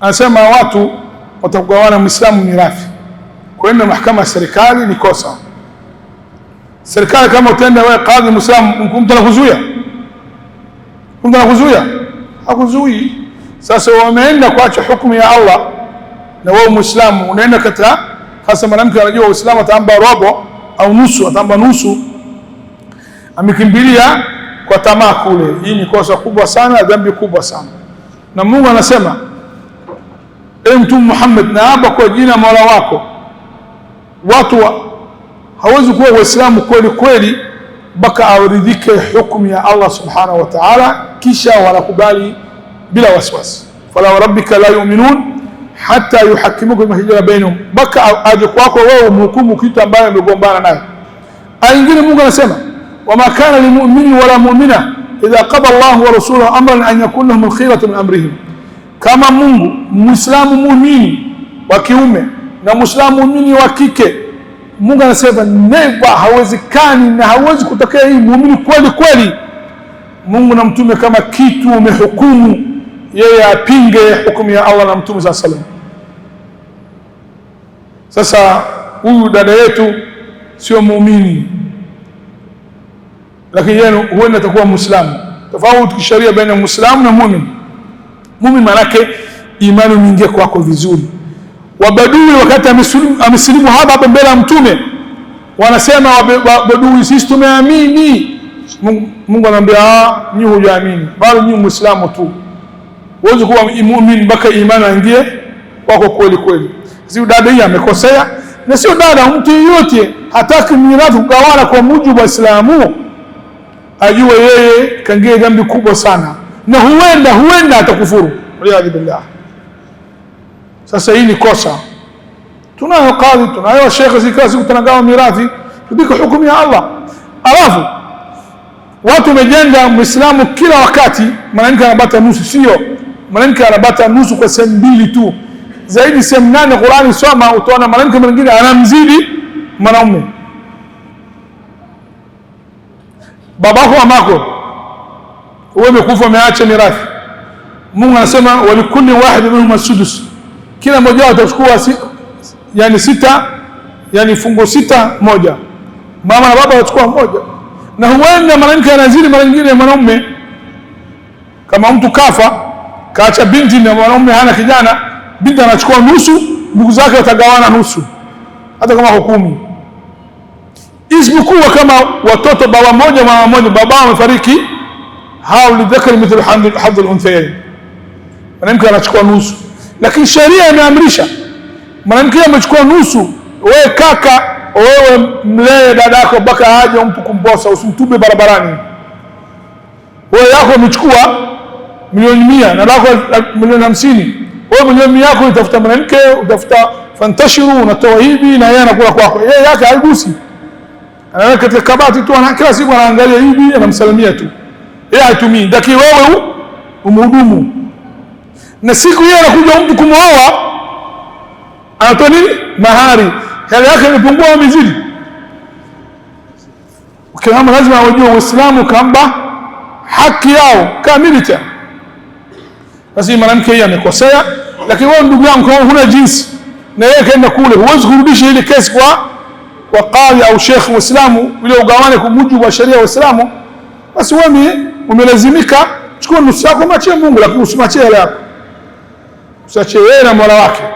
anasema watu watakugawana mwislamu mirathi kwenda mahakama ya serikali ni kosa. Serikali kama utenda wewe kadhi mwislamu, mtu anakuzuia, mtu anakuzuia, hakuzuii. Sasa wameenda kuacha hukumu ya Allah na wewe mwislamu unaenda katika, hasa mwanamke anajua Uislamu ataamba robo au nusu, ataamba nusu, amekimbilia kwa tamaa kule. Hii ni kosa kubwa sana, dhambi kubwa sana, na Mungu anasema Ee Mtume Muhammad, naapa kwa jina Mola wako, watu wa, hawezi kuwa waislamu kweli kweli mpaka aridhike hukumu ya Allah subhanahu wa ta'ala, kisha wanakubali bila wasiwasi. Fala rabbika la yu'minun hata yuhakimuka bima shajara bainahum, mpaka aje kwako wewe mhukumu kitu ambayo amegombana naye. Aingine Mungu anasema wama kana lilmu'mini wala mu'mina idha qada Allahu wa rasuluhu amran an yakuna lahum alkhiyaratu min amrihim kama Mungu Muislamu muumini wa kiume na Muislamu muumini wa kike, Mungu anasema never, hawezekani na hawezi kutokea hii muumini kweli kweli. Mungu na mtume kama kitu umehukumu, yeye apinge hukumu ya Allah na mtume saa salam. Sasa huyu dada yetu sio muumini, lakini yeye huenda atakuwa Muislamu, tofauti kisheria baina ya Muislamu na muumini mumin manake imani mingie kwako vizuri. Wabadui wakati amesilimu hapa hapa mbele ya Mtume wanasema wabadui, sisi tumeamini. Mungu anamwambia ah, nyi hujaamini bado, nyi muislamu tu, huwezi kuwa muumini mpaka imani aingie kwako kweli kweli. Sio dada hii amekosea, na sio dada, mtu yeyote hataki mirathi kugawana kwa mujibu wa Islamu, ajue yeye kangie dhambi kubwa sana na huenda huenda atakufuru waliyadhu billah. Sasa hii ni kosa. Tunayo kadhi, tunayo shekhe, si kila siku tunagawa mirathi, tudiko hukumu ya Allah. Alafu watu wamejenda Muislamu kila wakati, mwanamke anabata nusu. Sio mwanamke anabata nusu kwa sehemu mbili tu, zaidi sehemu nane Qurani soma, utaona mwanamke mwingine anamzidi mwanaume, babako, amako wewe umekufa umeacha mirathi. Mungu anasema walikulli wahid minhum as-sudus, kila mmoja wao atachukua si, yani sita yani fungo sita moja, mama na baba watachukua moja, na huenda mara nyingine anazidi mara nyingine mwanaume. Kama mtu kafa kaacha binti na mwanaume hana kijana, binti anachukua nusu, ndugu zake watagawana nusu, hata kama hukumi isipokuwa kama watoto baba mmoja mama mmoja, baba amefariki hao lidhakari mithlu hadhi lunthayain, mwanamke anachukua nusu, lakini sheria imeamrisha mwanamke amechukua nusu. Wewe kaka, wewe mlee dada mpaka aje umpe kumposa, usimtume barabarani. Wewe yako umechukua milioni mia na lako milioni hamsini, wewe milioni yako utafuta mwanamke, utafuta fantashiru, unatoa hivi na yeye anakula kwako. Yeye yake haigusi, anaweka katika kabati tu, ana kila siku anaangalia hivi, anamsalimia tu yeye eh, hatumii, lakini wewe umhudumu. Na siku hiyo anakuja mtu kumwoa, anatoa nini? Mahari. Hela yake imepungua au imezidi? Ukiama lazima awajue Uislamu kamba haki yao kamili cha basi. Mwanamke yeye amekosea, lakini wewe ndugu yangu, kama huna jinsi na yeye kaenda kule, huwezi kurudisha ile kesi kwa kwa kadhi au shekhi Muislamu, ile ugawane kwa mujibu wa sheria ya Uislamu, basi wewe umelazimika, chukua nusu yako, mwachie Mungu, lakini usimwachie hela yako, usiachie yeye na mola wake.